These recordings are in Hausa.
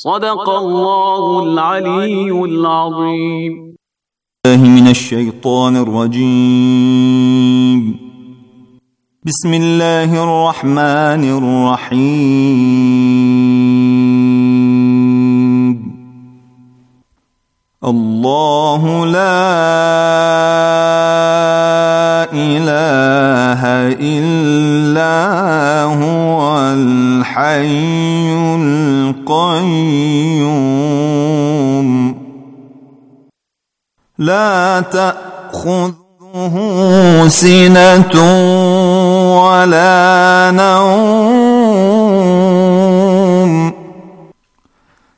صدق الله العلي العظيم الله من الشيطان الرجيم بسم الله الرحمن الرحيم الله لا اله الا هو الحي القيوم لا تاخذه سنه ولا نوم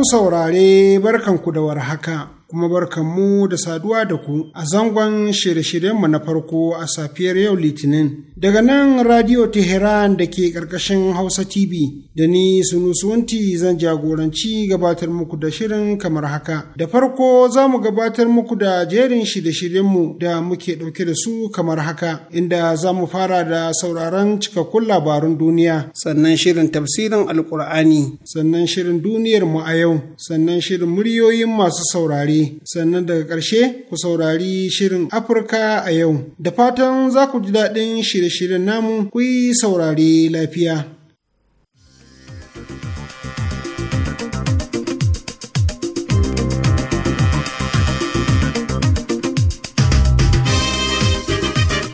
kun saurare barkanku da warhaka. kuma barkanmu da saduwa da ku a zangon shirye-shiryenmu na farko a safiyar yau litinin Daga nan Radio Teheran da ke ƙarƙashin Hausa TV da ni Sunusuwanti zan jagoranci gabatar muku da shirin kamar haka. Da farko za mu gabatar muku da jerin shirye-shiryenmu da muke ɗauke da su kamar haka, inda za mu fara da sauraron cikakkun labarun duniya, sannan shirin tafsirin Alƙur'ani, sannan shirin duniyar mu a yau, sannan shirin muryoyin masu saurare, sannan daga ƙarshe ku saurari shirin Afirka a yau. Da fatan za ku ji daɗin shirye shirin namu ku yi lafiya.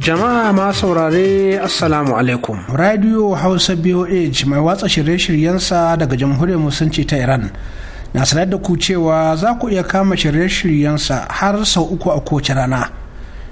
Jama'a ma saurare Assalamu alaikum. Radio Hausa BOH mai watsa shirye-shiryensa daga Jamhuriyar Musulunci ta Iran. Na sanar da ku cewa za ku iya kama shirye-shiryensa har sau uku a kowace rana.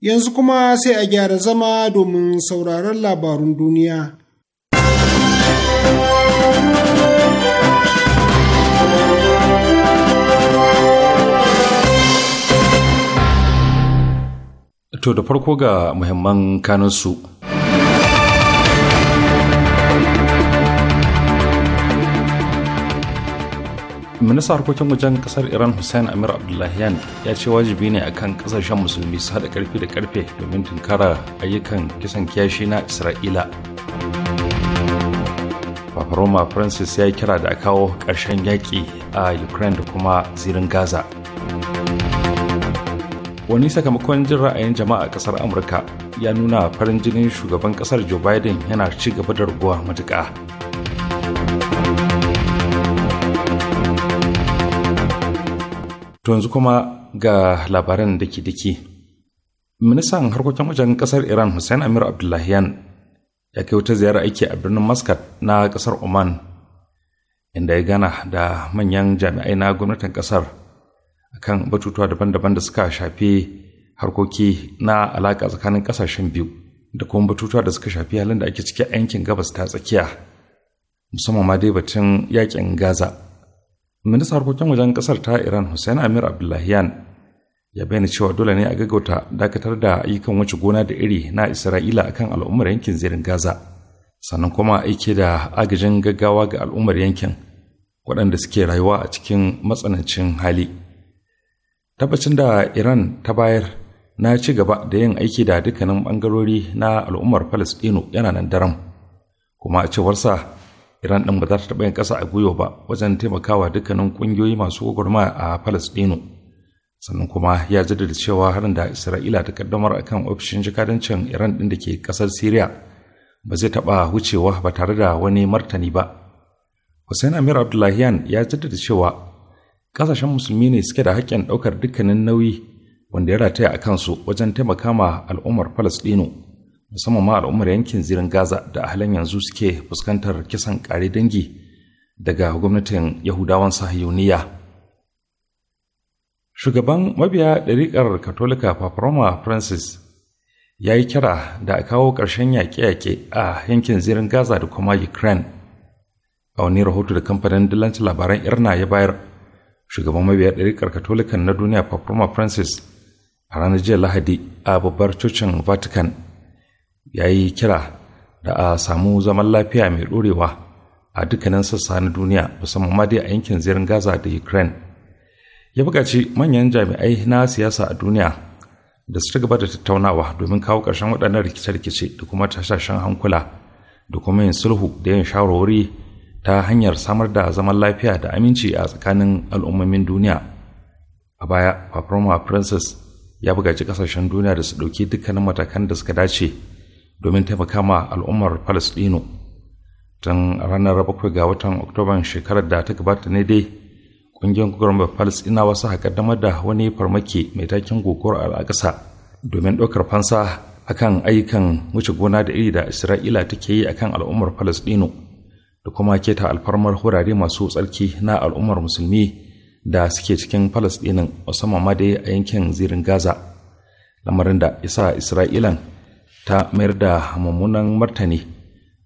Yanzu kuma sai a gyara zama domin sauraron labarun duniya. To da farko ga muhimman kanunsu. minista harkokin wajen kasar iran hussein amir abdullahian ya ce wajibi ne akan kasashen musulmi su haɗa karfi da karfe domin tunkara ayyukan kisan kiyashi na isra'ila papa roma francis ya yi kira da kawo ƙarshen yaƙi a ukraine da kuma zirin gaza wani sakamakon jin ra'ayin jama'a a kasar amurka ya nuna farin jinin shugaban kasar joe biden yana ci gaba da raguwa matuƙa To yanzu kuma ga labaran da ke diki. Ministan harkokin wajen ƙasar Iran Hussein Amir Abdullahiyan ya kai wata ziyara aiki a birnin Muscat na ƙasar Oman inda ya gana da manyan jami'ai na gwamnatin ƙasar kan batutuwa daban-daban da suka shafi harkoki na alaƙa tsakanin ƙasashen biyu da kuma batutuwa da suka shafi halin da ake ciki a yankin gabas ta tsakiya musamman ma dai batun yakin Gaza. Ministan harkokin wajen ƙasar ta Iran Hussein Amir Abdullahian ya bayyana cewa dole ne a gaggauta dakatar da ayyukan wuce gona da iri na Isra'ila akan al'ummar yankin zirin Gaza. Sannan kuma aike da agajin gaggawa ga al'ummar yankin waɗanda suke rayuwa a cikin matsanancin hali. Tabbacin da Iran ta bayar na ci gaba da yin aiki da dukkanin bangarori na al'ummar Falasɗinu yana nan daram. Kuma a cewarsa iran din ba za ta taɓa yin ƙasa a gwiwa ba wajen taimakawa dukkanin ƙungiyoyi masu gwagwarma a falasɗinu sannan kuma ya jaddada cewa harin da isra'ila ta kaddamar kan ofishin jikadancin iran ɗin da ke ƙasar siriya ba zai taɓa wucewa ba tare da wani martani ba hussein amir abdullahian ya jaddada cewa ƙasashen musulmi ne suke da haƙƙin ɗaukar dukkanin nauyi wanda ya rataya a kansu wajen taimaka ma al'ummar falasɗinu musamman ma al'ummar yankin zirin gaza da halin yanzu suke fuskantar kisan kare dangi daga gwamnatin yahudawan sahiyoniya shugaban mabiya ɗariƙar katolika paparoma francis ya yi kira da a kawo ƙarshen yaƙe-yaƙe a yankin zirin gaza da kuma ukraine a wani rahoto da kamfanin dillancin labaran irna ya bayar shugaban mabiya ɗariƙar katolikan na duniya paparoma francis a ranar jiya lahadi a babbar cocin vatican ya yi kira da a samu zaman lafiya mai ɗorewa a dukkanin sassa na duniya musamman ma dai a yankin zirin gaza da ukraine ya buƙaci manyan jami'ai na siyasa a duniya da su gaba da tattaunawa domin kawo ƙarshen waɗannan rikice-rikice da kuma tashashen hankula da kuma yin sulhu da yin shawarwari ta hanyar samar da zaman lafiya da aminci a tsakanin al'ummomin duniya a baya paparoma princess ya buƙaci ƙasashen duniya da su ɗauki dukkanin matakan da suka dace domin taimaka ma al'ummar Falasɗinu. Tun ranar bakwai ga watan Oktoban shekarar da ta gabata ne dai, ƙungiyar gwamnatin Falasɗinawa suka kaddamar da wani farmaki mai takin a ƙasa domin ɗaukar fansa akan ayyukan wuce gona da iri da Isra'ila take yi akan al'ummar Falasɗinu da kuma keta alfarmar wurare masu tsarki na al'ummar musulmi da suke cikin Falasɗinin musamman ma dai a yankin zirin Gaza. Lamarin da isa Isra'ilan ta mayar da mummunan martani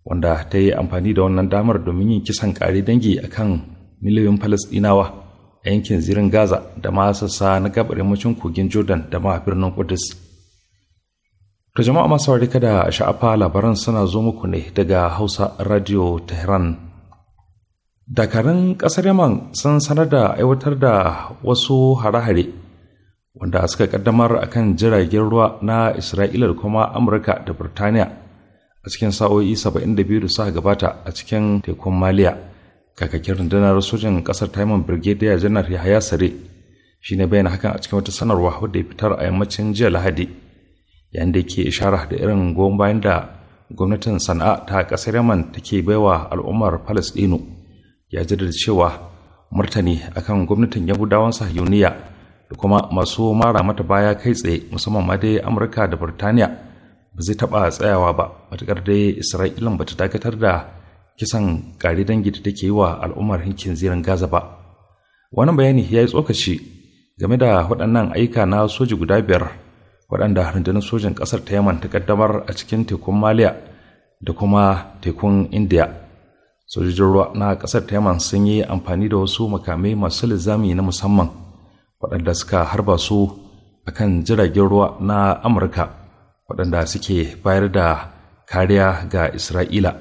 wanda ta yi amfani da wannan damar domin yin kisan kare dangi a kan miliyoyin falasɗinawa a yankin zirin Gaza da ma sassa na gabar yammacin kogin Jordan da ma birnin Kudus. Ta jama'a masu warika da sha'afa labaran suna zo muku ne daga Hausa Radio Tehran. Dakarun ƙasar Yaman sun sanar da aiwatar da wasu hare-hare wanda suka kaddamar a kan jiragen ruwa na isra'ila da kuma amurka da birtaniya a cikin sa'o'i 72 da suka gabata a cikin tekun maliya kakakin rundunar sojin kasar taimon brigadier janar yahaya sare shi ne bayyana hakan a cikin wata sanarwa wadda ya fitar a yammacin jiya lahadi yayin da ke ishara da irin goyon bayan da gwamnatin sana'a ta kasar yaman take baiwa al'ummar palestino ya jaddada cewa martani akan gwamnatin yahudawan sahyuniya da kuma masu mara mata baya kai tsaye musamman ma dai amurka da burtaniya ba zai taɓa tsayawa ba matuƙar dai isra'ila ba ta dakatar da kisan ƙari dangi da take yi wa al'ummar hinkin zirin gaza ba wani bayani ya yi tsokaci game da waɗannan aika na soji guda biyar waɗanda rundunar sojin ƙasar ta yaman ta ƙaddamar a cikin tekun maliya da kuma tekun indiya sojojin ruwa na ta taiman sun yi amfani da wasu makamai masu lizami na musamman waɗanda suka harba su a kan jiragen ruwa na amurka waɗanda suke bayar da kariya ga isra'ila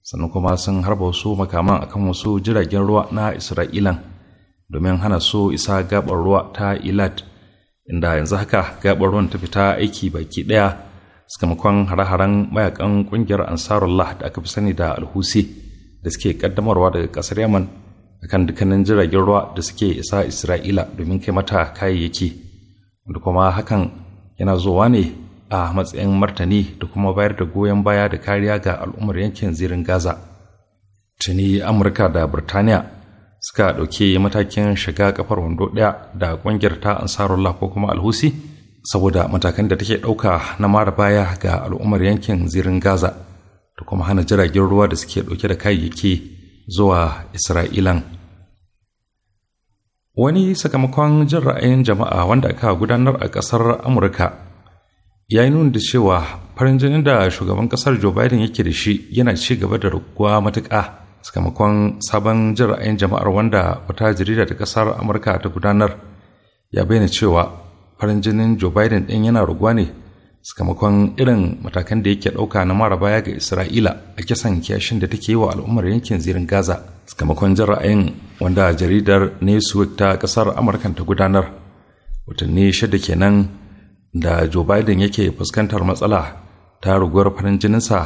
sannan kuma sun harba su makaman akan wasu jiragen ruwa na isra'ilan domin hana su isa gabar ruwa ta ilat inda yanzu haka gabar ruwan ta fita aiki baki ɗaya sakamakon hare-haren mayakan ƙungiyar ansarullah da aka fi sani da alhusi da suke ƙaddamarwa daga ƙasar yaman akan dukkanin jiragen ruwa da suke isa isra'ila domin kai mata kayayyaki da kuma hakan yana zuwa ne a matsayin martani da kuma bayar da goyon baya da kariya ga al'ummar yankin zirin gaza tuni amurka da birtaniya suka ɗauki matakin shiga kafar wando ɗaya da ƙungiyar ta ansarullah ko kuma alhusi saboda matakan da take ɗauka na mara baya ga al'ummar yankin zirin gaza da kuma hana jiragen ruwa da suke ɗauke da kayayyaki zuwa Isra'ilan. Wani sakamakon jin ra'ayin jama'a wanda aka gudanar a ƙasar Amurka ya yi nuna da cewa farin jinin da shugaban ƙasar Joe Biden yake da shi yana ci gaba da raguwa matuƙa sakamakon sabon jin ra'ayin jama'ar wanda wata jarida ta ƙasar Amurka ta gudanar ya bayyana cewa farin jinin Joe Biden ɗin yana raguwa ne sakamakon irin matakan da yake ɗauka na mara baya ga isra'ila a kisan kiyashin da take yi wa al'ummar yankin zirin gaza sakamakon jin ra'ayin wanda jaridar newsweek ta ƙasar amurka ta gudanar watanni shida kenan da joe biden yake fuskantar matsala ta raguwar farin jininsa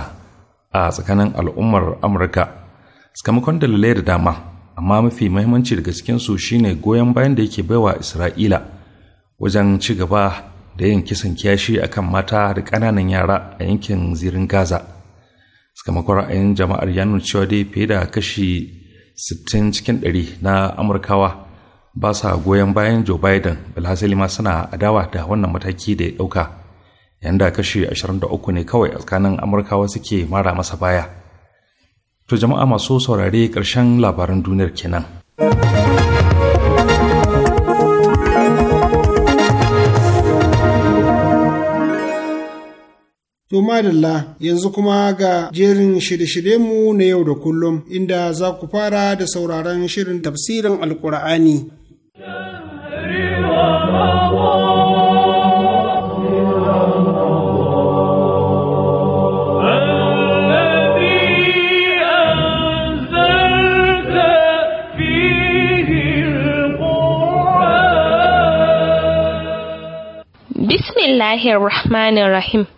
a tsakanin al'ummar amurka sakamakon dalilai da dama amma mafi mahimmanci daga cikinsu shine goyon bayan da yake baiwa isra'ila wajen ci gaba da yin kisan kiyashi kan mata da ƙananan yara a yankin zirin gaza sakamakon ra'ayin jama'ar ya nuna cewa dai fiye da kashi 60 cikin 100 na amurkawa ba sa goyon bayan joe biden bilhassali ma suna adawa da wannan mataki da ya ɗauka yanda kashi 23 ne kawai a tsakanin amurkawa suke mara masa baya to jama'a masu saurare ƙarshen labaran duniyar kenan. To madalla yanzu kuma ga jerin shirye mu na yau da kullum inda za ku fara da sauraron shirin tafsirin Alƙur'ani. Bismillahirrahmanirrahim.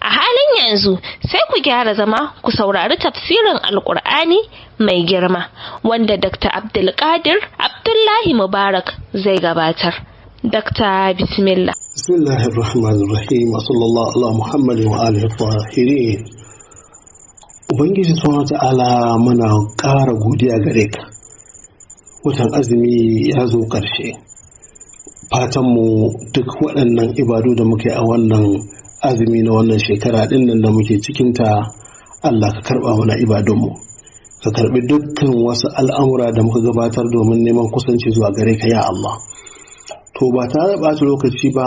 a halin yanzu sai ku gyara zama ku saurari tafsirin alkur'ani mai girma wanda dr abdulkadir abdullahi mubarak zai gabatar dr bismillah bismillahir rahmanir rahim sallallahu ala muhammadin wa alihi tahirin ubangiji subhanahu ta'ala muna ƙara godiya gare ka watan azumi ya zo ƙarshe fatanmu duk waɗannan ibadu da muke a wannan azumi na wannan shekara ɗin nan da muke cikinta Allah ka karɓa mana ibadunmu ka karɓi dukkan wasu al'amura da muka gabatar domin neman kusanci zuwa gare ka ya Allah to ba tare da ɓata lokaci ba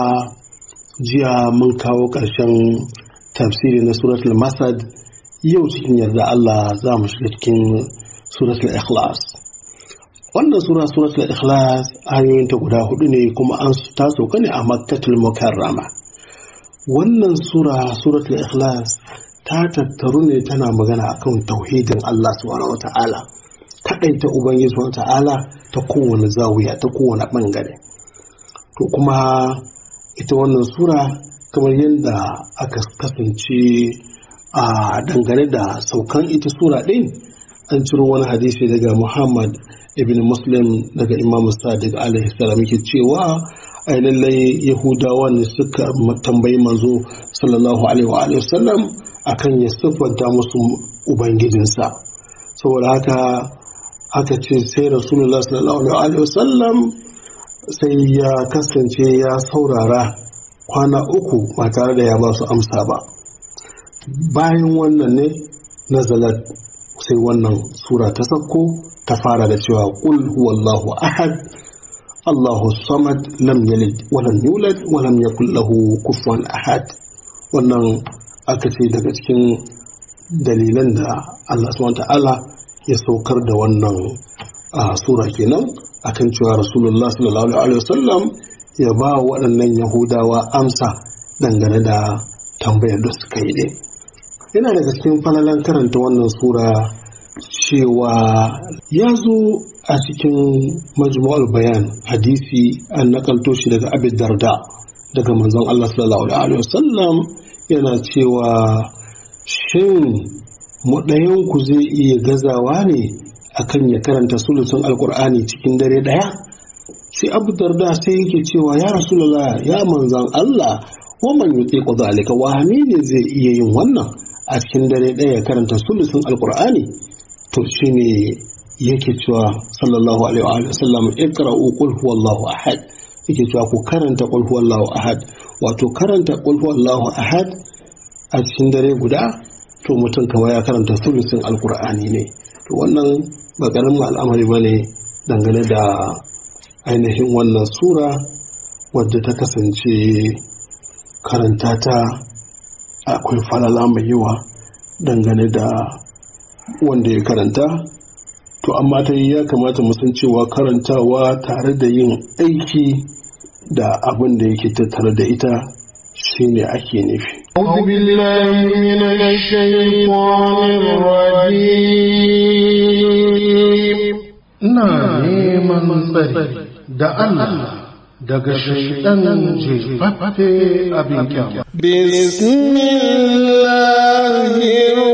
jiya mun kawo ƙarshen tafsiri na suratul masad yau cikin yarda Allah za mu shiga cikin suratul ikhlas wannan sura suratul ikhlas ayoyinta guda hudu ne kuma an ta sauka ne a makkatul mukarrama wannan sura suratul ikhlas ta tattaru ne tana magana akan tauhidin Allah subhanahu wata'ala kaɗaita ubangiji subhanahu wata'ala ta kowane zawiya ta kowane ɓangare to kuma ita wannan sura kamar yadda aka kasance a dangane da saukan ita sura ɗin an ciro wani hadisi daga muhammad ibn muslim daga imam sadiq alaihi salam yake cewa ai lallai yahudawa ne suka tambayi manzo sallallahu alaihi wasallam akan ya siffanta musu ubangijinsa saboda haka aka ce sai rasulullah sallallahu alaihi wasallam sai ya kasance ya saurara kwana uku ba tare da ya ba su amsa ba bayan wannan ne nazalat sai wannan sura ta sakko ta fara da cewa kul huwallahu ahad Allahu samad lam يلد ولم يولد walam يكن له كفوا ahad wannan aka ce daga cikin dalilan da Allah subhanahu ta'ala ya saukar da wannan sura kenan akan cewa Rasulullah sallallahu alaihi wasallam ya ba waɗannan Yahudawa amsa dangane da tambayar da suka yi ne. Yana daga cikin falalan karanta wannan sura cewa ya zo a cikin majmu'ul bayan hadisi an nakalto shi daga abin darda daga manzon Allah sallallahu alaihi wasallam yana cewa shin mu ku zai iya gazawa ne akan ya karanta sulusun alkur'ani cikin dare ɗaya sai abu darda sai yake cewa ya rasulullah ya manzon Allah waman yutiqu zalika wahani ne zai iya yin wannan a cikin dare ɗaya karanta sulusun alkur'ani to shine yake cewa sallallahu alaihi wa sallam iqra'u qul huwallahu ahad yake cewa ku karanta qul huwallahu ahad wato karanta qul huwallahu ahad a cikin dare guda to mutum kawai ya karanta sulusin alkur'ani ne to wannan ba karamin al'amari bane dangane da ainihin wannan sura wadda ta kasance karanta ta akwai falala mai yawa dangane da wanda ya karanta to amma ta yi ya kamata mu san cewa karantawa tare da yin aiki da abin da yake tattare da ita shine ake nufi أعوذ ina neman tsari da Allah daga shaidan jefaffe abin kyau. Bismillahirrahmanirrahim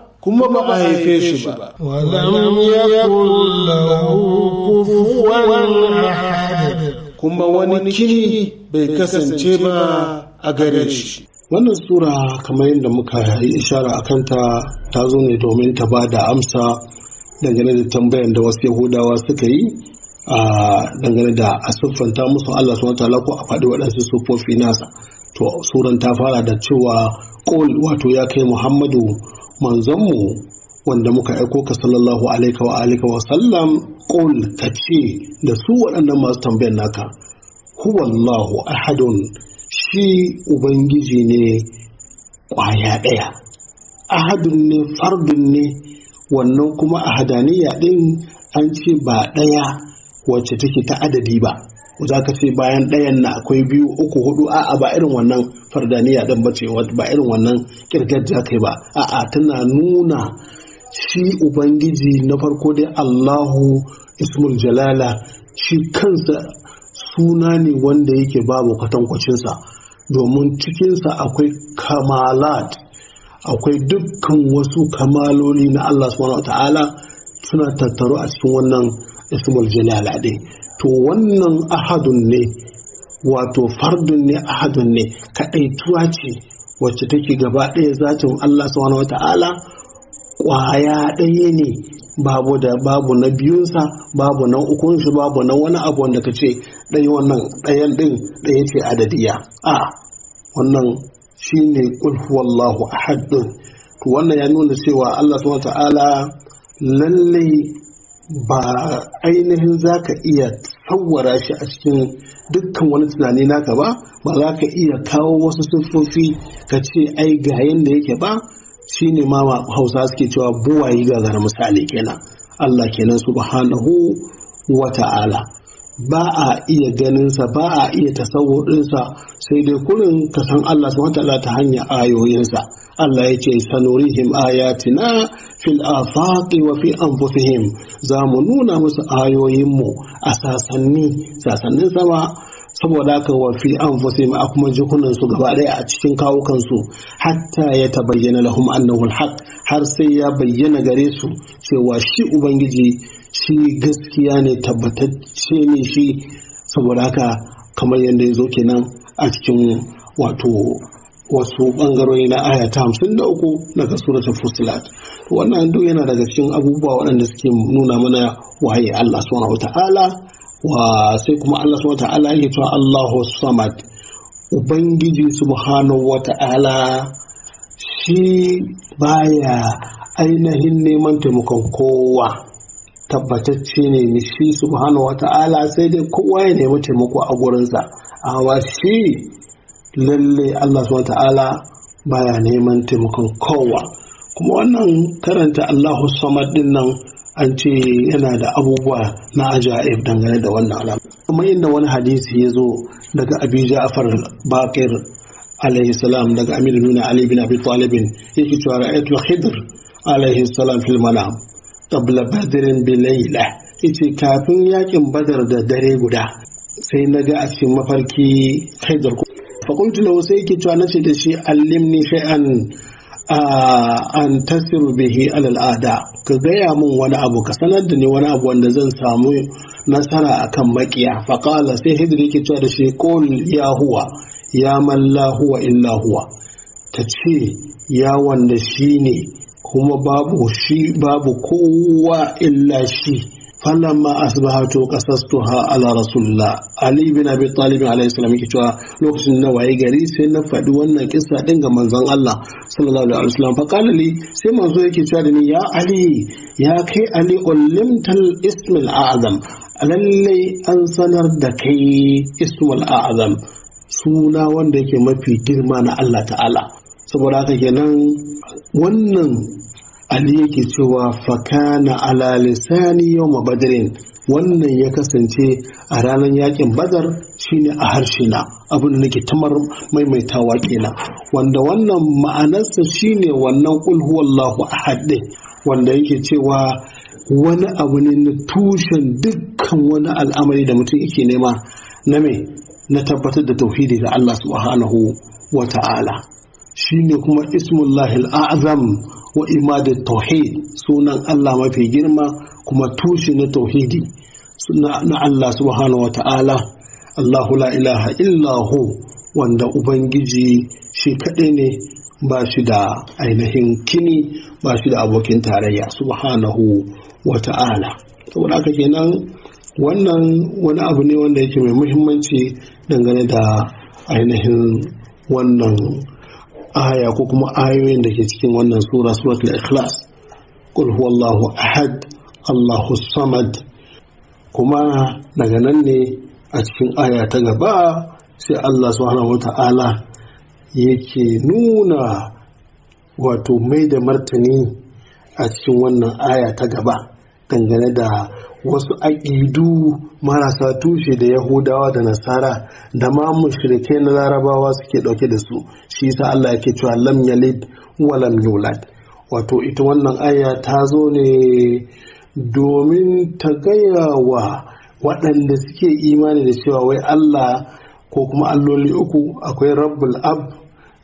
kuma ba a haife shi ba. Kuma wani kiri bai kasance ba a gare shi. Wannan sura kamar yadda muka yi ishara a kanta ta zo ne domin ta ba da amsa dangane da tambayan da wasu Yahudawa suka yi a dangane da a siffanta musu Allah wata ko a faɗi waɗansu sufofi nasa. To suran ta fara da cewa ƙol wato ya kai Muhammadu manzonmu wanda muka aiko ka sallallahu alaihi wa alihi wa sallam qul kace da su waɗannan masu tambayar naka huwallahu ahadun shi ubangiji ne ƙwaya ɗaya ahadun ne fardun ne wannan kuma ahadaniya ɗin an ce ba ɗaya wacce take ta adadi ba za ka ce bayan ɗayan na akwai biyu uku hudu a'a ba irin wannan fardaniya dan bace ba irin wannan kirgar da kai ba a'a tana nuna shi ubangiji na farko dai Allahu ismul jalala shi kansa suna ne wanda yake babu katankwacinsa domin cikinsa akwai kamalat akwai dukkan wasu kamaloli na Allah subhanahu ta'ala suna tattaro a cikin wannan ismul jalala ɗin to wannan ahadun ne wato fardun ne ahadun ne kaɗaituwa ce wacce take gaba ɗaya zatin Allah subhanahu wata'ala ƙwaya ɗaya ne babu da babu na biyunsa babu na ukunsu babu na wani abu wanda ka ce ɗaya wannan ɗayan ɗin ɗaya ce adadiya a wannan shine ne huwallahu ahad ɗin to wannan ya nuna cewa Allah subhanahu wata'ala lallai ba ainihin za ka iya hawwara shi a cikin dukkan wani tunani naka ba ba za ka iya kawo wasu siffofi ka ce ai ga da yake ba Shi ne ma hausa suke cewa buwayi zara misali kenan Allah kenan subhanahu wa ta'ala ba a iya ganinsa ba a iya tasawurinsa sai dai kurin ka san Allah subhanahu ta hanyar ayoyinsa Allah ya ce sanurihim ayatina fil afaqi wa fi anfusihim za mu nuna musu ayoyinmu a sasanni sasannin sama saboda haka wa fi anfusihim a kuma jikunan su gaba ɗaya a cikin kawukansu hatta ya tabayyana lahum annahu alhaq har sai ya bayyana gare su cewa shi ubangiji shi gaskiya ne tabbatacce ne shi saboda haka kamar yadda ya zo kenan a cikin wato wasu bangarori na aya ta hamsin da uku daga suratul fusilat wannan duk yana daga cikin abubuwa waɗanda suke nuna mana waye Allah subhanahu wata'ala wa sai kuma Allah subhanahu wata'ala ya cewa Allahu samad ubangiji subhanahu wata'ala shi baya ainihin neman taimakon kowa tabbatacce ne ni shi subhanahu ta'ala sai dai kowa ya nemi taimako a gurinsa amma shi lalle Allah subhanahu ta'ala baya neman taimakon kowa kuma wannan karanta Allahu samad din nan an ce yana da abubuwa na ajaib dangane da wannan alama kuma inda wani hadisi ya zo daga abi ja'far bakir alaihi salam daga amir nuna ali bin abi Talib yake cewa ra'aytu khidr alaihi salam fil manam qabla badrin bi ita kafin yakin badar da dare guda sai naga a cikin mafarki haidar ku fa qultu lahu sai yake cewa nace da shi allimni shay'an an tasiru bihi al'ada ka gaya min wani abu ka sanar da ni wani abu wanda zan samu nasara akan makiya faqala sai hidri yake cewa da shi qul ya huwa ya man la huwa illa huwa ta ce ya wanda shi ne kuma babu shi babu kowa illa shi falamma asbahatu qasastuha ala rasulillah ali bin abi talib alayhi salam yake cewa lokacin da waye gari sai na faɗi wannan kissa din ga manzon Allah sallallahu alaihi wasallam fa qala li sai manzo yake cewa da ni ya ali ya kai ali ulimtal ismil a'zam lallai an sanar da kai ismul a'zam suna wanda yake mafi girma na Allah ta'ala saboda haka kenan wannan ali yake cewa fakana ala lisani yawma badrin wannan ya kasance a ranar yakin badar shine a harshe na abin da nake tamar maimaitawa kenan wanda wannan ma'anarsa shine wannan kul huwallahu ahad wanda yake cewa wani abu ne na tushen dukkan wani al'amari da mutum yake nema na me na tabbatar da tauhidi da Allah subhanahu wa ta'ala Shi ne kuma ismullahi azam wa imadat tauhid sunan Allah mafi girma kuma tushe na tauhidi na Allah subhanahu wa ta'ala Allahu la ilaha illahu wanda ubangiji shi kaɗai ne ba shi da ainihin kini ba shi da abokin tarayya subhanahu wa ta'ala saboda haka kenan wannan wani abu ne wanda yake mai muhimmanci dangane da ainihin wannan aya ko kuma ayoyin da ke cikin wannan sura suratul ikhlas qul huwallahu ahad allahu samad kuma daga nan ne a cikin aya ta gaba sai Allah subhanahu wata'ala yake nuna wato mai da martani a cikin wannan aya ta gaba dangane da wasu aƙidu marasa tushe da yahudawa da nasara da ma mushrikai na larabawa suke ɗauke da su shi sa Allah yake cewa lam yalid wa lam yulad wato ita wannan aya ta zo ne domin ta gaya wa waɗanda suke imani da cewa wai Allah ko kuma alloli uku akwai rabbul ab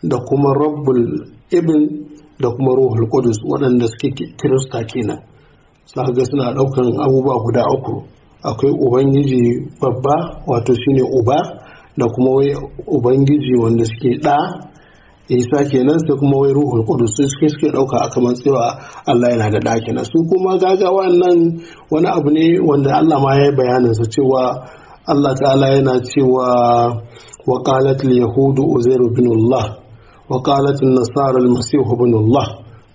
da kuma rabbul ibn da kuma ruhul qudus waɗanda suke kirista kenan za ga suna ɗaukan abubuwa guda uku akwai ubangiji babba wato shine uba da kuma wai ubangiji wanda suke ɗa isa kenan sai kuma wai ruhul kudus Sun suke suke ɗauka a kamar tsewa Allah yana da ɗa kenan su kuma gaga wannan wani abu ne wanda Allah ma ya yi bayanin sa cewa Allah ta'ala yana cewa wa qalat yahudu uzairu binullah Allah wa qalat an nasara al masih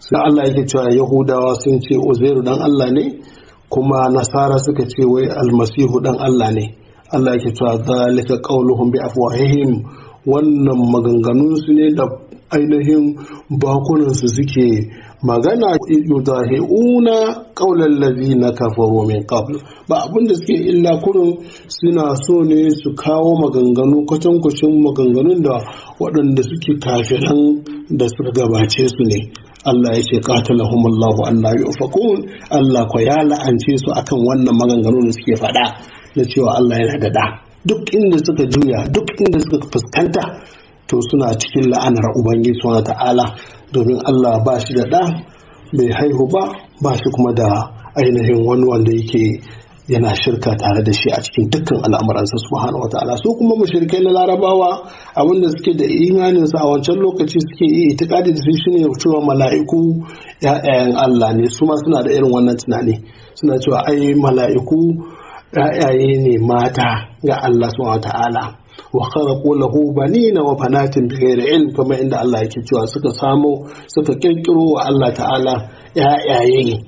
sai Allah yake cewa Yahudawa sun ce Uzairu dan Allah ne kuma Nasara suka ce wai Almasihu dan Allah ne Allah yake cewa zalika qauluhum bi afwahihim wannan maganganun su ne da ainihin bakunan su suke magana yudahi'una qawlan na kafaru min qabl ba abin da suke illa kurun suna so ne su kawo maganganu kwacin maganganun da waɗanda suke kafiran da suka gabace su ne Allah ya ce qatalahum Allah anna yufakun Allah ko ya la'ance su akan wannan maganganun da suke faɗa na cewa Allah yana da da duk inda suka juya duk inda suka fuskanta to suna cikin la'anar ubangiji subhanahu ta'ala domin Allah ba shi da ɗa bai haihu ba ba shi kuma da ainihin wani wanda yake yana shirka tare da shi a cikin dukkan al'amuransa subhanahu wata'ala su kuma mushrikai na larabawa abinda suke da imaninsu a wancan lokaci suke yi itikadi da su shine cewa mala'iku Ya'yan Allah ne su ma suna da irin wannan tunani suna cewa ai mala'iku ya'yaye ne mata ga Allah subhanahu wata'ala wa kharaqu lahu banina wa banatin bighairi ilm kamar inda Allah yake cewa suka samo suka kirkiro wa Allah ta'ala yayaye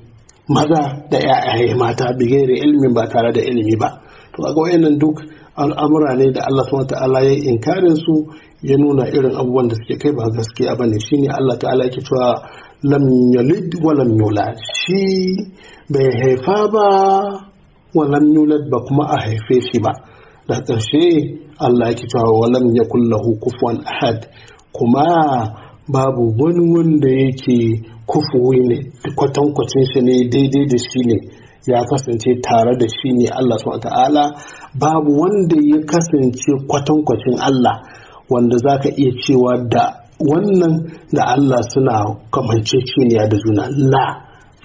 maza da yayaye mata bighairi ilmin ba tare da ilimi ba to ga wayannan duk al'amura ne da Allah subhanahu ta'ala ya inkarin su ya nuna irin abubuwan da suke kai ba gaskiya bane shine Allah ta'ala yake cewa lam yalid wa lam yulad shi bai haifa ba wa lam yulad ba kuma a haife shi ba da ƙarshe Allah yake cewa walam ya kulla kufuwan ahad kuma babu wani wanda yake kufuwi ne kwatankwacin shi ne daidai da shi ne ya kasance tare da shi ne Allah subhanahu ta'ala babu wanda ya kasance kwatankwacin Allah wanda za ka iya cewa da wannan da Allah suna kamance ciniya da juna la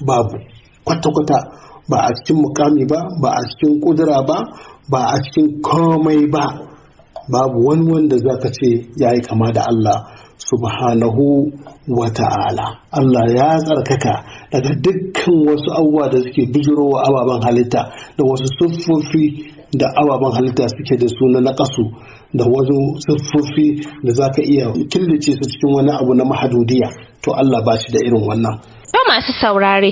babu kwata-kwata ba a cikin mukami ba ba a cikin kudura ba ba a cikin komai ba babu wani wanda za ka ce ya yi kama da Allah subhanahu wa ta'ala Allah ya tsarkaka daga dukkan wasu abubuwa da suke wa ababen halitta da wasu siffofi da ababen halitta suke da suna na naƙasu da wasu siffofi da za ka iya killace su cikin wani abu na mahadudiya to Allah ba shi da irin wannan. Ba masu saurare.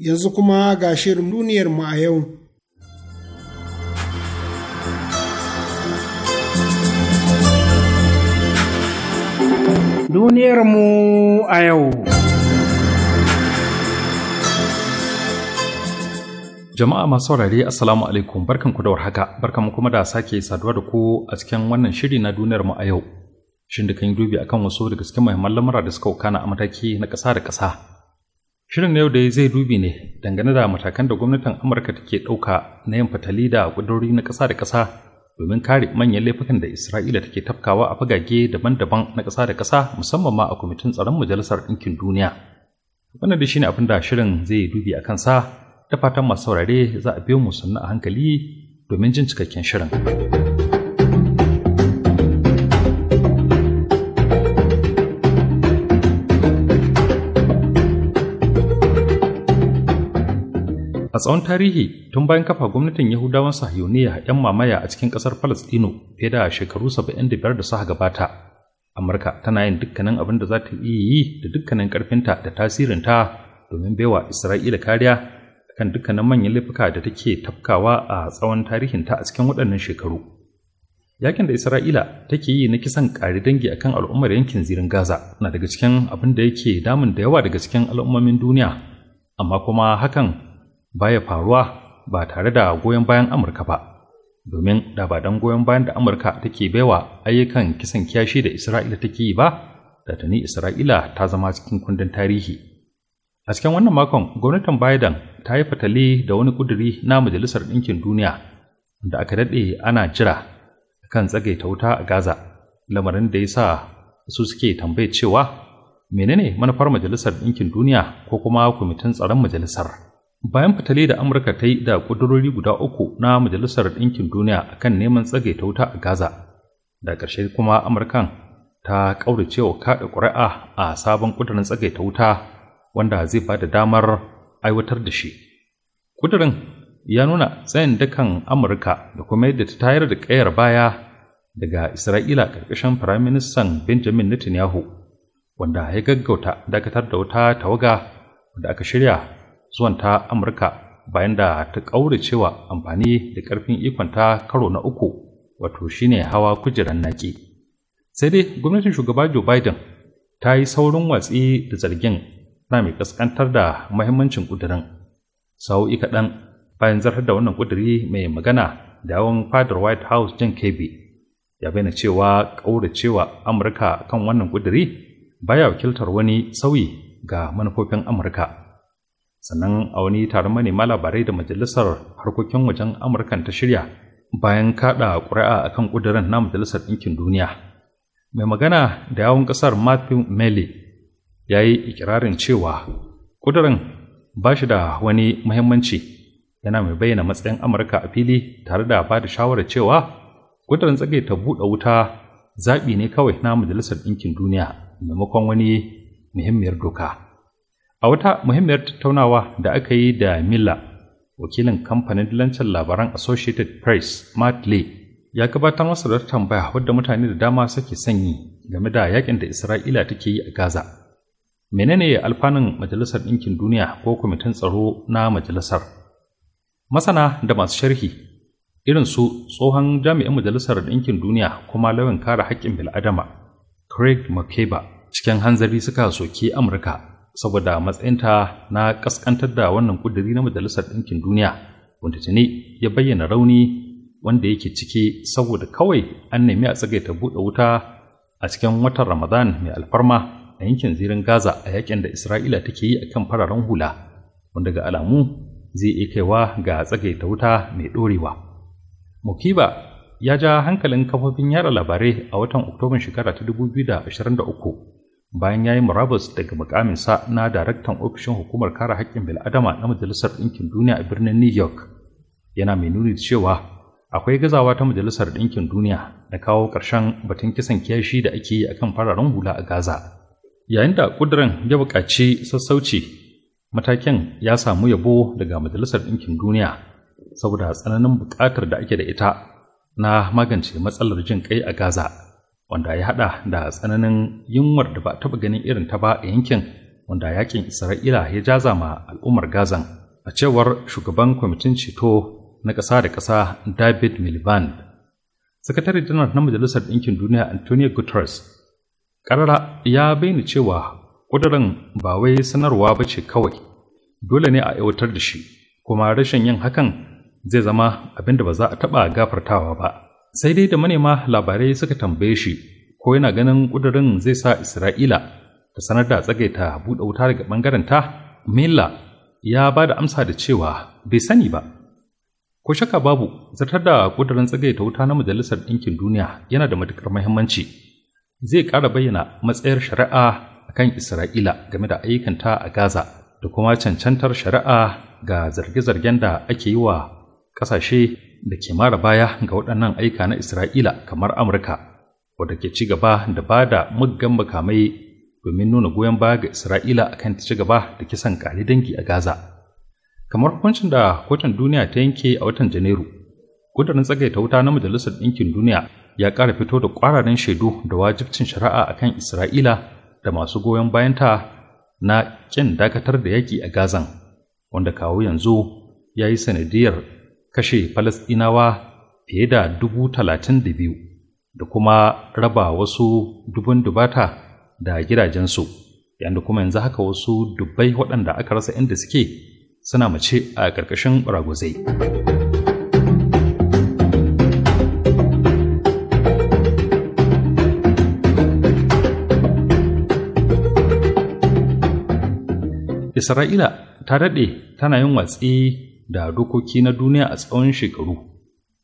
yanzu kuma ga shirin duniyarmu a yau. Duniyarmu a yau. Jama'a masu saurari Assalamu alaikum barkanku da warhaka barkan kuma da sake saduwa da ku a cikin wannan shiri na duniyarmu a yau. Shin da kan yi dubi akan wasu daga cikin muhimman lamura da suka wakana a mataki na ƙasa da ƙasa. Shirin na yau da zai dubi ne dangane da matakan da gwamnatin Amurka take ɗauka na yin fatali da ƙudurori na ƙasa da ƙasa domin kare manyan laifukan da Isra'ila take tafkawa a fagage daban-daban na ƙasa da ƙasa musamman ma a kwamitin tsaron Majalisar Ɗinkin Duniya. Wannan da shine abin da shirin zai dubi a kansa da fatan masu saurare za a biyo mu sannu a hankali domin jin cikakken shirin. tsawon tarihi tun bayan kafa gwamnatin yahudawan sahiyoniya 'yan mamaya a cikin ƙasar palestino fiye da shekaru 75 da suka gabata Amurka tana yin dukkanin abin da za ta iya yi da dukkanin ƙarfinta da tasirinta domin baiwa Isra'ila kariya kan dukkanin manyan laifuka da take tafkawa a tsawon tarihinta a cikin waɗannan shekaru. Yakin da Isra'ila take yi na kisan ƙari dangi akan al'ummar yankin zirin Gaza na daga cikin abin da yake damun da yawa daga cikin al'ummomin duniya, amma kuma hakan baya faruwa ba tare da goyon bayan Amurka ba, domin da ba don goyon bayan da Amurka take baiwa ayyukan kisan kiyashi da Isra'ila take yi ba, da tuni Isra'ila ta zama cikin kundin tarihi. A cikin wannan makon, gwamnatin Biden ta yi fatali da wani ƙuduri na Majalisar Ɗinkin Duniya da aka daɗe ana jira kan tsagaita wuta a Gaza, lamarin da ya sa su suke tambaye cewa menene manufar Majalisar Ɗinkin Duniya ko kuma kwamitin tsaron majalisar. bayan fitale da amurka ta yi da ƙudurori guda uku na majalisar ɗinkin duniya kan neman ta wuta a gaza da ƙarshe kuma amurkan ta ƙauracewa kaɗa ƙuri'a a sabon ƙudurin ta wuta wanda zai ba da damar aiwatar da shi ƙudurin ya nuna tsayin dakan amurka da kuma yadda ta tayar da ƙayar baya daga isra'ila ƙarƙashin firaministan benjamin netanyahu wanda ya gaggauta dakatar da wuta tawaga da aka shirya zuwan ta amurka bayan da ta kaure cewa amfani da ƙarfin ikonta karo na uku wato shine hawa kujeran naki. sai dai gwamnatin shugaba joe biden ta yi saurin watsi da zargin na mai kaskantar da mahimmancin ƙudirin. sa'o'i kaɗan bayan zartar da wannan kudiri mai magana da yawan fadar white house jin kebi ya bayyana cewa cewa amurka kan wannan ƙudiri baya wakiltar wani sauyi ga manufofin amurka sannan a wani taron manema labarai da majalisar harkokin wajen amurkan ta shirya bayan kaɗa ƙuri'a a kan ƙudurin na majalisar ɗinkin duniya mai magana da yawon ƙasar matthew mele ya yi ikirarin cewa ƙudurin ba shi da wani muhimmanci yana mai bayyana matsayin amurka a fili tare da ba da shawarar cewa ƙudurin tsage ta buɗe wuta zaɓi ne kawai na majalisar ɗinkin duniya maimakon wani muhimmiyar doka. A wata muhimmiyar tattaunawa da aka yi da Mila, wakilin kamfanin dillancin labaran Associated Press, Matt Lee, ya gabatar masa da tambaya wadda mutane da dama suke sanyi game da yakin da Isra'ila take yi a Gaza. Menene alfanun Majalisar Ɗinkin Duniya ko Kwamitin Tsaro na Majalisar? Masana da masu sharhi irin su tsohon jami'in Majalisar Ɗinkin Duniya kuma lauyan kare haƙƙin bil'adama Craig Makeba cikin hanzari suka soki Amurka saboda matsayinta na ƙasƙantar da wannan ƙuduri na Majalisar Ɗinkin Duniya, wanda tuni ya bayyana rauni wanda yake ciki saboda kawai an nemi a tsagaita buɗe wuta a cikin watan Ramadan mai alfarma a yankin zirin Gaza a yakin da Isra'ila take yi a kan fararen hula, wanda ga alamu zai iya kaiwa ga tsagaita wuta mai ɗorewa. Mukiba ya ja hankalin kafofin yara labarai a watan Oktoban shekara ta 2023 bayan ya yi murabus daga mukaminsa na daraktan ofishin hukumar kare haƙƙin bil'adama na majalisar ɗinkin duniya a birnin new york yana mai nuni da cewa akwai gazawa ta majalisar ɗinkin duniya da kawo ƙarshen batun kisan kiyashi da ake yi akan fararen hula a gaza yayin da ƙudurin ya buƙaci sassauci matakin ya samu yabo daga majalisar ɗinkin duniya saboda tsananin buƙatar da ake da ita na magance matsalar jin kai a gaza wanda ya haɗa da tsananin yunwar da ba taɓa ganin irin ta ba a yankin wanda yakin isra'ila ya jaza ma al'ummar gazan a cewar shugaban kwamitin ceto na ƙasa da ƙasa david miliband sakatare janar na majalisar ɗinkin duniya antonio guterres ƙarara ya bayyana cewa ƙudurin ba wai sanarwa ba ce kawai dole ne a aiwatar da shi kuma rashin yin hakan zai zama abin da ba za a taɓa gafartawa ba. sai dai da manema labarai suka tambaye shi ko yana ganin ƙudurin zai sa isra'ila ta sanar da tsagaita buɗe wuta daga ɓangaren ta mila ya ba da amsa da cewa bai sani ba ko shaka babu zartar da ƙudurin tsagaita wuta na majalisar ɗinkin duniya yana da matuƙar muhimmanci zai ƙara bayyana matsayar shari'a akan isra'ila game da ayyukanta a gaza da kuma cancantar shari'a ga zarge-zargen da ake yi wa Ƙasashe da ke mara baya ga waɗannan aika na Isra'ila kamar Amurka, wadda ke ci gaba da ba da muggan makamai domin nuna goyon baya ga Isra'ila akan ta ci gaba da kisan kare dangi a Gaza. Kamar hukuncin da kotun duniya ta yanke a watan Janairu, ƙudurin tsagaita wuta na Majalisar Ɗinkin Duniya ya ƙara fito da ƙwararren shaidu da wajibcin shari'a a kan Isra'ila da masu goyon bayanta na ƙin dakatar da yaƙi a Gazan, wanda kawo yanzu ya yi sanadiyar kashe Falasɗinawa fiye da dubu talatin da biyu da kuma raba wasu dubun dubata da gidajensu, yadda kuma yanzu haka wasu dubbai waɗanda aka rasa inda suke suna mace a ƙarƙashin ragozai. Isra'ila ta daɗe tana yin watsi da dokoki na duniya a tsawon shekaru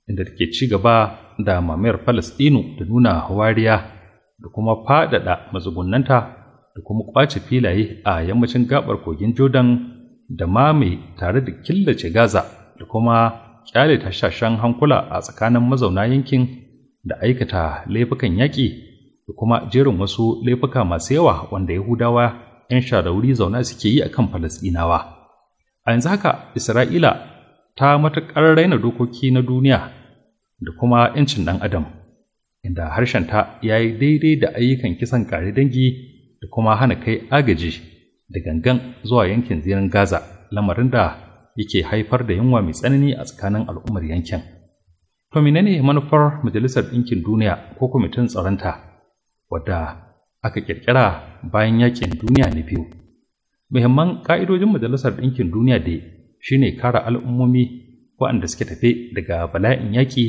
inda take ci gaba da mamayar Falasɗinu da nuna wariya da kuma faɗaɗa matsugunanta da kuma ƙwace filaye a yammacin gabar kogin Jordan da mame tare da killace Gaza da kuma kyale tashashen hankula a tsakanin mazauna yankin da aikata laifukan yaƙi da kuma jerin wasu laifuka masu yawa wanda Yahudawa 'yan sharauri zauna suke yi akan Falasɗinawa. A yanzu haka Isra'ila ta matuƙar raina dokoki na duniya da kuma ‘yancin ɗan Adam, inda harshenta ya yi daidai da ayyukan kisan ƙari dangi da kuma hana kai agaji da gangan zuwa yankin zirin Gaza, lamarin da yake haifar da yunwa mai tsanani a tsakanin al'ummar yankin. To menene manufar Majalisar Ɗinkin Duniya ko Kwamitin Tsaronta, wadda aka ƙirƙira bayan yaƙin duniya na biyu? muhimman ƙa'idojin majalisar ɗinkin duniya da shine kare al'ummomi waɗanda suke tafe daga bala'in yaƙi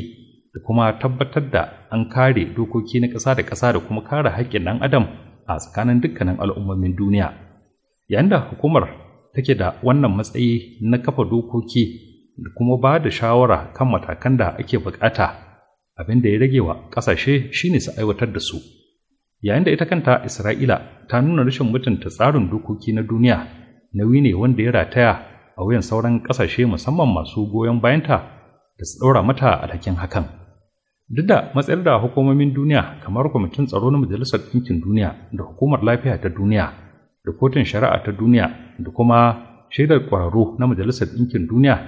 da kuma tabbatar da an kare dokoki na ƙasa da ƙasa da kuma kare haƙƙin ɗan adam a tsakanin dukkanin al'ummomin duniya yayin da hukumar take da wannan matsayi na kafa dokoki da kuma ba da shawara kan matakan da ake bukata abin da ya rage wa ƙasashe shine su aiwatar da su. yayin da ita kanta Isra'ila ta nuna rashin mutunta tsarin dokoki na duniya nauyi ne wanda ya rataya a wuyan sauran ƙasashe musamman masu goyon bayanta da su daura mata a alhakin hakan. Duk da matsayar da hukumomin duniya kamar kwamitin tsaro na Majalisar Ɗinkin Duniya da Hukumar Lafiya ta Duniya da Kotun Shari'a ta Duniya da kuma shaidar ƙwararru na Majalisar Ɗinkin Duniya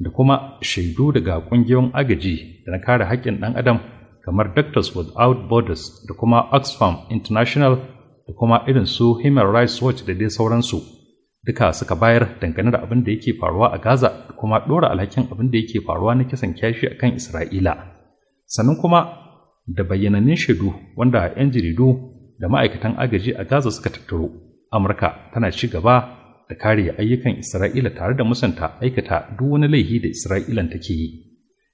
da kuma shaidu daga ƙungiyoyin agaji da na kare haƙƙin ɗan adam kamar Doctors Without Borders da kuma Oxfam International da kuma irin su Human Rights Watch da dai sauransu duka suka bayar dangane da abin da yake faruwa a Gaza da kuma ɗora alhakin abin da yake faruwa na kisan kyashi kan Isra'ila. Sannan kuma da bayyananin shaidu wanda 'yan jaridu da ma'aikatan agaji a Gaza suka tattaro, Amurka tana ci gaba da kare ayyukan Isra'ila tare da musanta aikata duk wani laihi da Isra'ilan take yi.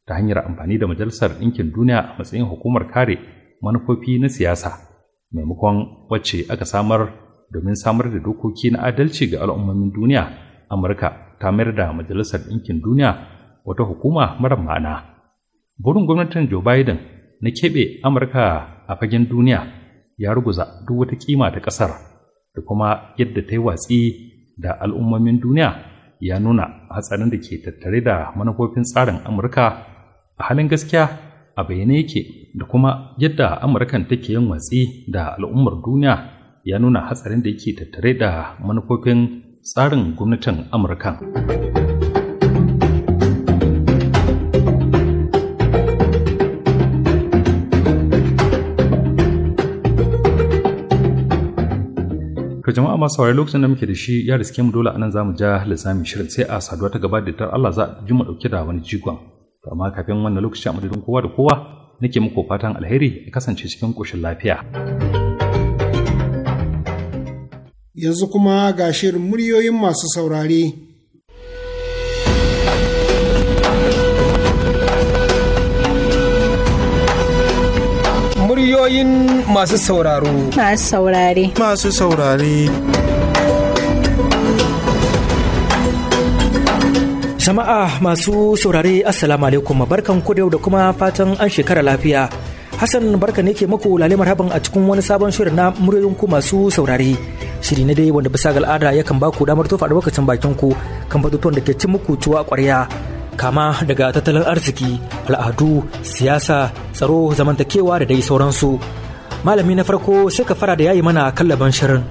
ta hanyar amfani da Majalisar Ɗinkin Duniya a matsayin hukumar kare manufofi na siyasa maimakon wacce aka samar domin samar da dokoki na adalci ga al'ummomin duniya Amurka ta mayar da Majalisar Ɗinkin Duniya wata hukuma mara ma'ana. Burin gwamnatin Joe Biden na keɓe Amurka a fagen duniya ya ruguza duk wata kima ta ƙasar da kuma yadda ta yi watsi da al'ummomin duniya ya nuna hatsarin da ke tattare da manufofin tsarin Amurka a halin gaskiya a bayyane yake da kuma yadda amurkan take yin watsi da al'ummar duniya ya nuna hatsarin da yake tattare da manufofin tsarin gwamnatin amurkan to jama'a masu saurari lokacin da muke da shi ya riske mu dole anan mu ja lissamin shirin sai a saduwa ta gaba da ta Allah za a ji mu dauke da wani jigon To amma kafin wannan lokaci a madadin kowa da kowa nake muku fatan alheri ya kasance cikin ƙoshin lafiya. Yanzu kuma ga shirin muryoyin masu saurare. Muryoyin masu sauraro. Masu saurare. Masu saurare. Jama'a masu saurare Assalamu alaikum barkan ku da yau da kuma fatan an shekara lafiya. Hassan barka ne ke muku lalimar haban a cikin wani sabon shirin na muryoyin ku masu saurare. Shiri na dai wanda bisa ga al'ada yakan ba ku damar tofa albarkacin bakin ku kan batutuwan da ke cin muku tuwa ƙwarya. Kama daga tattalin arziki, al'adu, siyasa, tsaro, zamantakewa da dai sauransu. Malami na farko sai ka fara da yayi mana kallaban shirin.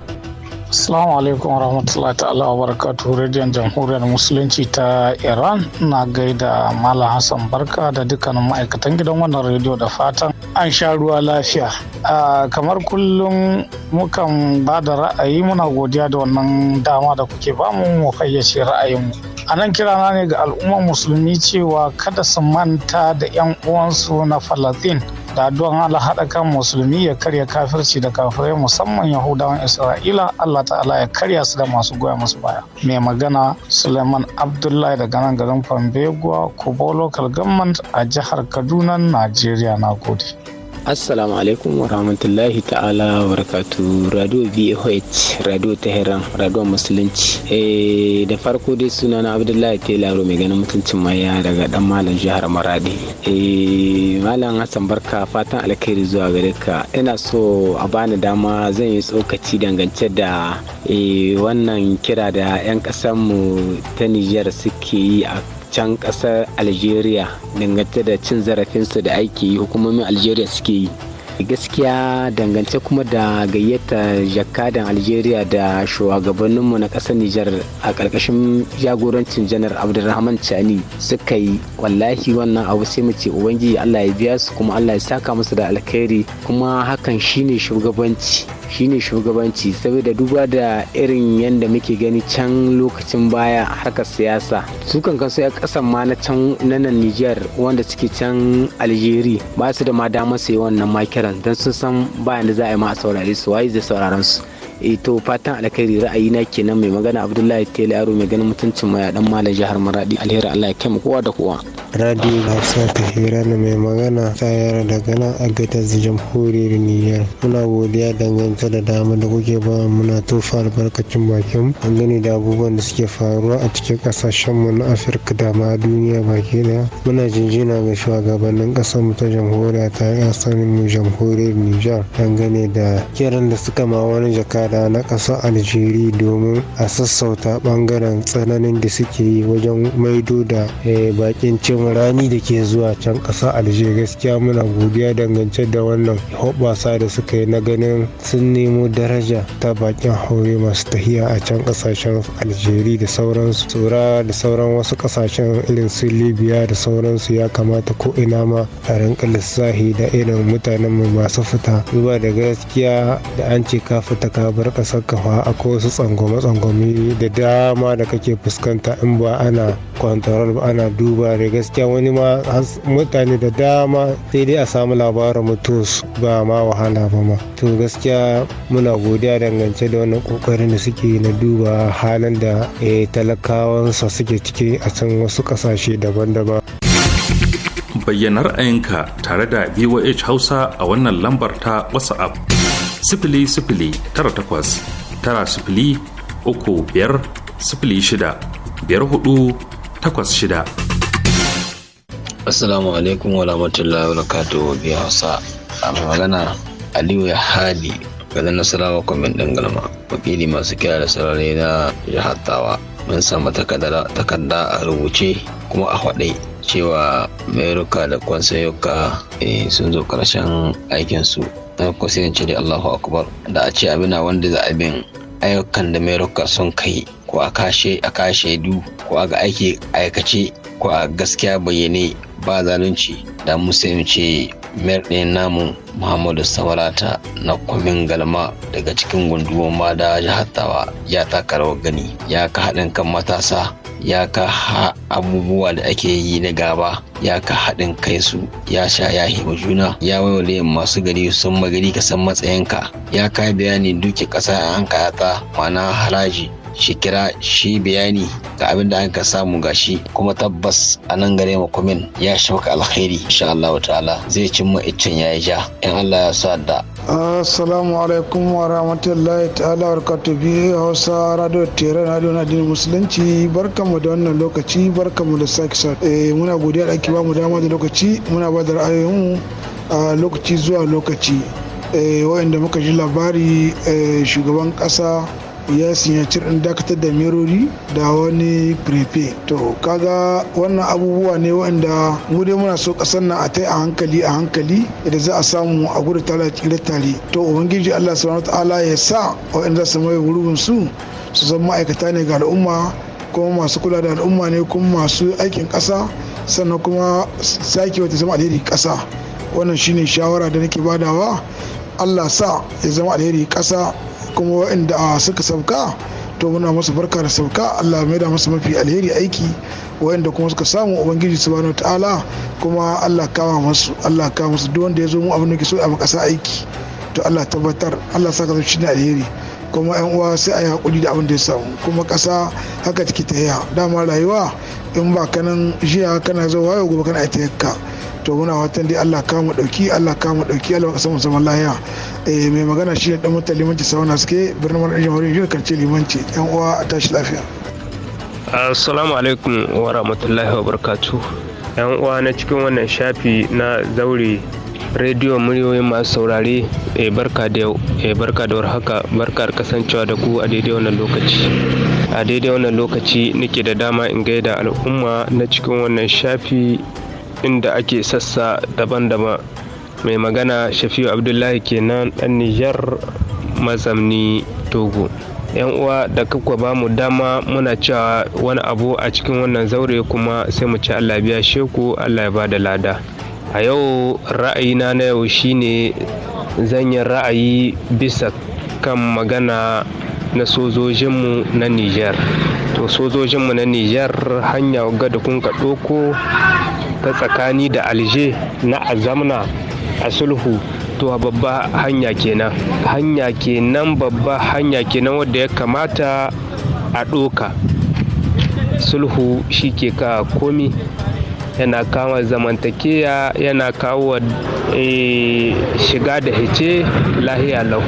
Assalamu alaikum warahmatullahi ta'ala wa barakatuhu radiyon jamhuriyar musulunci ta Iran na gaida Malam Hassan Barka da dukkanin ma'aikatan gidan wannan rediyo da fatan an sha ruwa lafiya. Kamar kullum mukan ba da ra'ayi muna godiya da wannan dama da kuke bamu mu fayyace ra'ayinmu. A nan kirana ne ga al'ummar musulmi cewa kada su manta da 'yan uwansu na Falastin. da addu'an Allah haɗa kan musulmi ya karya kafirci da kafirai musamman Yahudawan Isra'ila Allah ta'ala ya karya su da masu goya musu baya. Mai magana Suleiman Abdullahi daga nan garin Fambeguwa, Kobo Local Government a jihar Kaduna, Najeriya na gode. assalamu alaikum wa rahmatullahi ta'ala wa barakatu radio voh radio tehran radio musulunci eh, da farko dai suna na abdullahi telaro mai ganin mutuncin maya daga dan malam jihar maradi eh malam hassan barka fatan alkhairi zuwa gare ka ina so a bani dama zan yi tsokaci dangance da eh wannan kira da yan kasanmu mu ta Nijar suke yi a can ƙasar algeria dangance da cin zarafinsu da ake yi hukumomin algeria suke yi gaskiya dangance kuma da gayyata jakadan algeria da shugabanninmu na ƙasar niger a ƙarƙashin jagorancin janar abdulrahman chani suka yi wallahi wannan abu sai mu ce ubangiji allah ya biya su kuma allah ya saka musu da alkhairi kuma hakan shine shugabanci shine shugabanci saboda duba da irin yadda muke gani can lokacin baya harkar siyasa su kan kasu ya kasan ma na can nan Niger wanda suke can Algeria ba su da ma damar yi wannan makiran don sun san bayan da za a yi ma a saurare su waye zai sauraron su e to fatan alkhairi ra'ayi na kenan mai magana abdullahi tele aro mai ganin mutuncin mai dan malam jihar maradi alheri allah ya kai kowa da kowa radio sa ta hira na mai magana tayar daga a agatas jamhuriyar niyar muna godiya dangantar da dama da kuke ba muna tofa albarkacin bakin an gani da abubuwan da suke faruwa a cikin kasashen mu na afirka da ma duniya baki daya muna jinjina ga shugabannin kasar mu ta jamhuriya ta asalin mu jamhuriyar niger dangane da kiran da suka ma wani jaka yara na ƙasar aljeri domin a sassauta ɓangaren tsananin da suke yi wajen maido da eh, baƙin cin rani da ke zuwa can ƙasar aljeri gaskiya muna godiya dangance da wannan hoɓasa da suka yi na ganin sun nemo daraja ta bakin haure masu tahiya a can ƙasashen aljeri da sauransu tsora da sauran wasu ƙasashen irin su libya da sauransu ya kamata ko ina ma a rinka lissahi da irin mutanenmu masu fita zuwa da gaskiya da an ce ka fita ka bar saka fa akwai wasu tsangwame-tsangwame da dama da kake fuskanta in ba ana kwantarar ba ana duba da gaskiya wani ma mutane da dama sai dai a samu labarin mutuwarsu ba ma wahala ba ma to gaskiya muna godiya dangance da wannan kokarin da suke na duba halin da eh, talakawansa suke ciki a can wasu kasashe daban-daban bayyana ra'ayinka tare da voh hausa a wannan lambar ta whatsapp sifili sifili tara takwas tara sifili uku biyar sifili shida biyar hudu takwas shida. Assalamu alaikum wa rahmatullahi wa wa biya Hausa. A magana Aliyu ya hadi ganin Nasarawa kwamin ɗin galma. Wakili masu kira da sarari na jihar Tawa. Mun samu takarda a rubuce kuma a haɗe cewa mayuka da kwansayoka eh, sun zo ƙarshen aikinsu. na ko sai ce dai Allahu akbar da a ce abin wanda za a bin ayyukan da America sun kai ko a kashe a kashe du ko a ga aiki aikace ko a gaskiya bayyane ba zalunci da mu ce merɗe namu muhammadu sawarata na kwamin galma daga cikin gunduwar mada jihar tawa ya taka rawar gani ya ka haɗin kan matasa ya ka ha abubuwa da ake yi na gaba ya ka haɗin kai su ya sha ya hima juna ya waiwale masu gari sun magari ka san matsayinka ya ka bayani duke ƙasa an ta, ma'ana haraji shi kira shi bayani ga abin da an ka samu gashi kuma tabbas a nan gare mu kumin ya shi maka alkhairi insha Allah ta'ala zai cimma iccen ya yi ja in Allah ya sa da assalamu alaikum wa rahmatullahi ta'ala wa bi Hausa radio tere radio na din musulunci barkamu da wannan lokaci barkamu da sake sa eh muna godiya da ake ba mu dama da lokaci muna ba da ra'ayoyinmu a lokaci zuwa lokaci eh, wa'anda muka ji labari eh, shugaban ƙasa ya sinyaci an dakatar da merori da wani prepe to kaga wannan abubuwa ne wanda mu dai muna so kasar nan a tai a hankali a hankali da za a samu a gudu tare tare to ubangiji Allah subhanahu Ta'ala ya sa waɗanda su mai wurin su su zama ma'aikata ne ga al'umma kuma masu kula da al'umma ne kuma masu aikin ƙasa sannan kuma sake wata zama alheri kasa wannan shine shawara da nake badawa Allah sa ya zama alheri kasa kuma waɗanda ah, suka sauka to muna masa barka da sauka Allah mai da masa mafi alheri aiki waɗanda kuma suka samu ubangiji subhanahu ta'ala kuma Allah kama masu Allah kama masu duk wanda ya zo mu abin da ke so a makasa aiki to Allah tabbatar Allah saka zuci shi ne alheri kuma yan uwa sai a yi hakuri da abin da ya samu kuma ƙasa haka take ta dama rayuwa in ba kanan jiya kana zo yau gobe kana ta yakka to muna fatan dai Allah ka mu dauki Allah ka mu dauki Allah ka samu zaman lafiya eh mai magana shi ne dan mutan limanci sauna suke birnin Maryam Jamhuriyar Jihar Karce limanci yan uwa a tashi lafiya assalamu alaikum wa rahmatullahi wa barakatuh yan uwa na cikin wannan shafi na zaure rediyo muryoyin masu saurare e barka da yau e barka da warhaka barka da kasancewa da ku a daidai wannan lokaci a daidai wannan lokaci nake da dama in gaida al'umma na cikin wannan shafi inda ake sassa daban-daban mai magana shafiu abdullahi kenan dan nijar mazamni togo yan uwa da kakwa ba mu dama muna cewa wani abu a cikin wannan zaure kuma sai mu ci allah biya sheku allah ya ba da lada a yau ra'ayina na yau shine zanyin ra'ayi bisa kan magana na sojojinmu na nijar to sojojinmu na nijar hanya ga kun ka ɗoko ta tsakani da alje na azamna a sulhu to babba hanya kenan hanya kenan babba hanya kenan wadda ya kamata a ɗoka sulhu shi ke ka komi yana kawo zamantakeya yana kawo eh, shiga da hice lahiya lau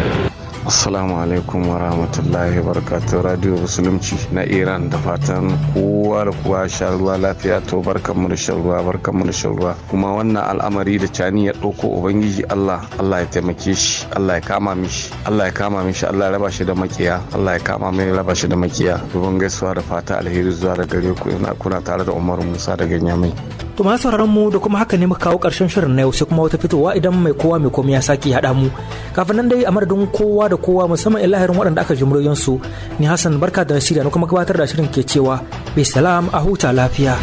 assalamu alaikum wa rahmatullahi barkatu radio musulunci na iran da fatan kowa da kowa sha ruwa lafiya to barkanmu da sharuwa ruwa barkanmu da sharuwa kuma wannan al'amari da cani ya ɗauko ubangiji allah allah ya taimake shi allah ya kama mishi allah ya kama mishi allah ya raba shi da makiya allah ya kama mai raba shi da makiya ruwan gaisuwa da fata alheri zuwa da gare ku ina kuna tare da umar musa da nyamai to ma sauraron mu da kuma haka ne muka kawo karshen shirin na yau sai kuma wata fitowa idan mai kowa mai komai ya sake haɗa mu kafin nan dai a madadin kowa da kowa musamman lahirin waɗanda aka jimriyon su ni Hassan barka da nasira na kuma gabatar da shirin ke cewa bai salam a huta lafiya.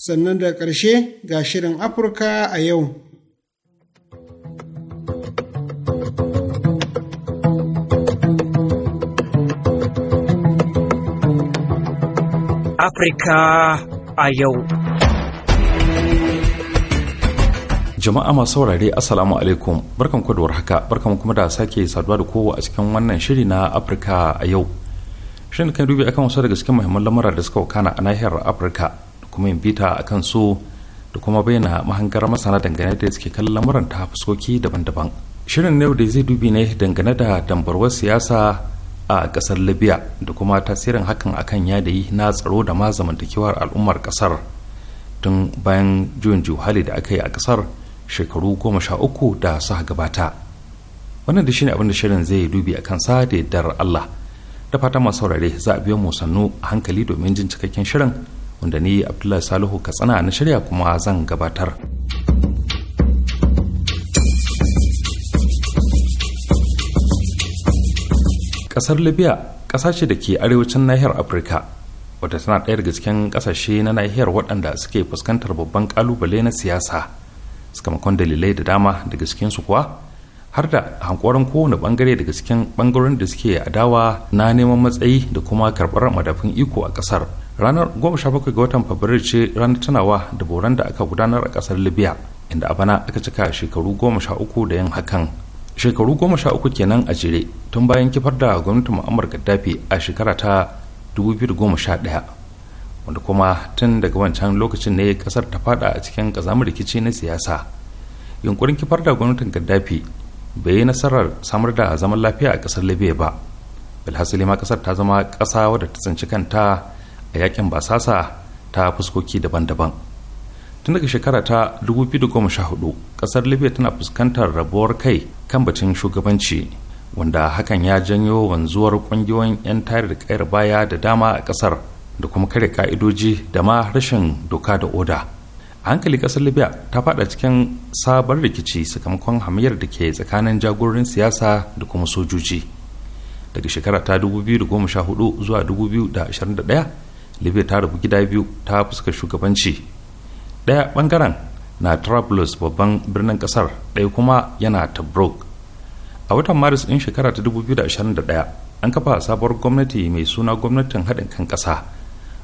Sannan da ƙarshe ga shirin Afirka a yau. Afirka a yau. jama'a masu saurare assalamu alaikum barkan ku da warhaka barkan kuma da sake saduwa da kowa a cikin wannan shiri na afirka a yau shirin kan dubi akan wasu daga cikin muhimman lamura da suka wakana a nahiyar afirka da kuma yin bita a kan su da kuma bayyana mahangar masana dangane da suke kallon lamuran ta fuskoki daban-daban shirin na yau da zai dubi ne dangane da dambarwar siyasa a kasar libya da kuma tasirin hakan akan yi na tsaro da ma zamantakewar al'ummar kasar tun bayan juyin juhali da aka yi a kasar shekaru goma sha uku da suka gabata wannan da shine abinda shirin zai dubi a kansa da yardar Allah da fatan masu saurare za a biyo mu sannu a hankali domin jin cikakken shirin wanda ni Abdullahi Salihu Katsina na shirya kuma zan gabatar. Ƙasar Libya ƙasa ce da ke arewacin nahiyar Afirka wata tana ɗaya daga cikin ƙasashe na nahiyar waɗanda suke fuskantar babban ƙalubale na siyasa sakamakon dalilai da dama daga cikinsu kuwa har da hankoron kowane bangare daga cikin bangaren da suke adawa na neman matsayi da kuma karbar madafin iko a kasar. ranar 17 ga watan fabrairu ce ranar tunawa da boran da aka gudanar a kasar libya inda a bana aka cika shekaru 13 da yin hakan shekaru 13 kenan a jere tun bayan kifar da gwamnatin mu'ammar gaddafi a shekara ta 2011 wanda kuma tun daga wancan lokacin ne kasar ta fada a cikin kazamar rikici na siyasa yunkurin kifar da gwamnatin gaddafi bai yi nasarar samar da zaman lafiya a kasar libya ba bilhassali ma kasar ta zama kasa wadda ta tsinci kanta a yakin basasa ta fuskoki daban-daban tun daga shekara ta 2014 kasar libya tana fuskantar rabuwar kai kan batun shugabanci wanda hakan ya janyo wanzuwar kungiyoyin 'yan tare da kayar baya da dama a kasar da kuma kare ka'idoji da ma rashin doka da oda a hankali kasar libya ta faɗa cikin sabon rikici sakamakon hamayyar da ke tsakanin jagororin siyasa da kuma sojoji daga shekara ta 2014 zuwa 2021 libya ta rabu gida biyu ta fuskar shugabanci daya ɓangaren na trablus babban birnin ƙasar ɗaya kuma yana tobruk a watan maris ɗin shekara ta 2021 an kafa sabuwar gwamnati mai suna gwamnatin haɗin kan ƙasa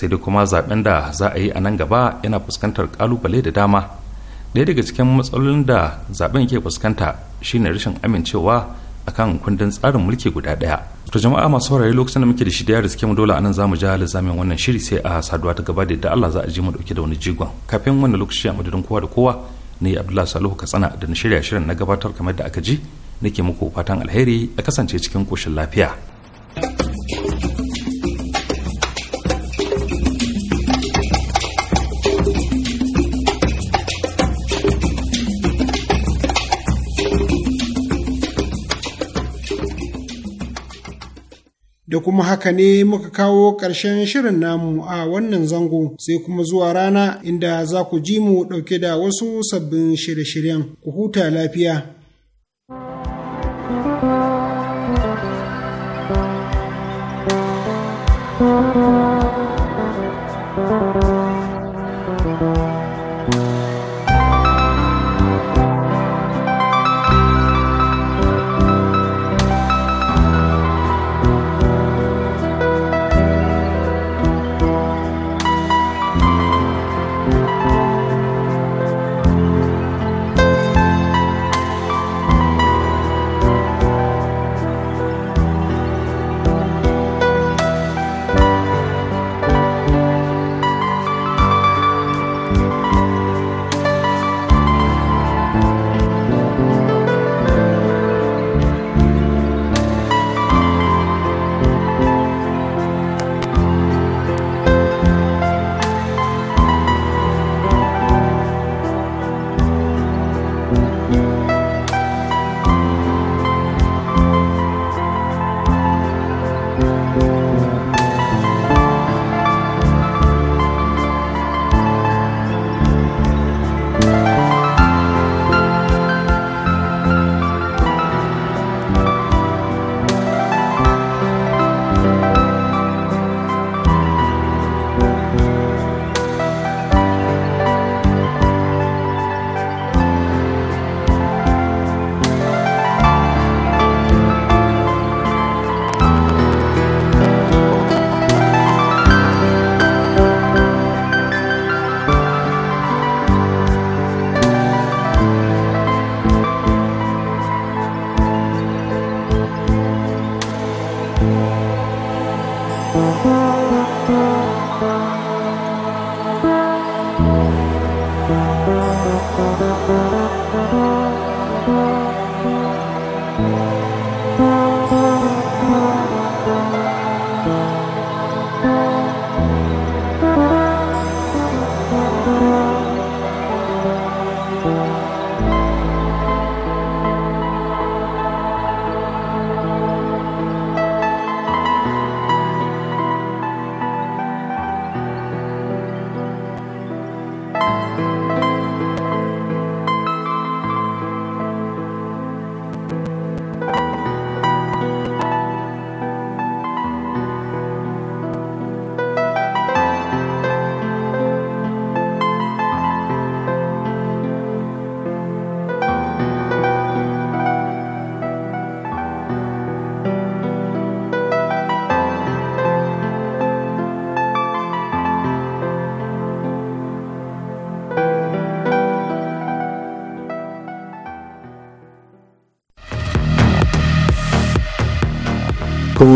sai dai kuma zaben da za a yi a nan gaba yana fuskantar kalubale da dama ɗaya daga cikin matsalolin da zaben ke fuskanta shine rashin amincewa akan kundin tsarin mulki guda ɗaya to jama'a masu saurare lokacin da muke da shi da yarda mu dole anan zamu ja lizamin wannan shiri sai a saduwa ta gaba da yadda Allah za a ji mu dauke da wani jigon kafin wannan lokaci a madadin kowa da kowa ne Abdullahi Salihu Katsina da na shirya shirin na gabatar kamar da aka ji nake muku fatan alheri a kasance cikin koshin lafiya thank you kuma haka ne muka kawo ƙarshen shirin namu a wannan zango sai kuma zuwa rana inda za ku ji mu ɗauke da wasu sabbin shirye-shiryen ku huta lafiya.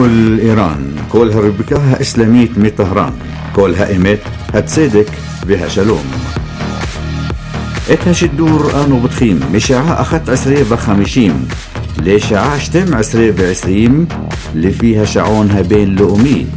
كل إيران كلها ربكها إسلاميت مي طهران كلها إيمت هتصدق بها شلوم إتهش الدور آنو بتخيم مشاعة أخت عسرية بخمشيم لشاعة شتم عسرية بعسريم لفيها شعونها بين لؤمي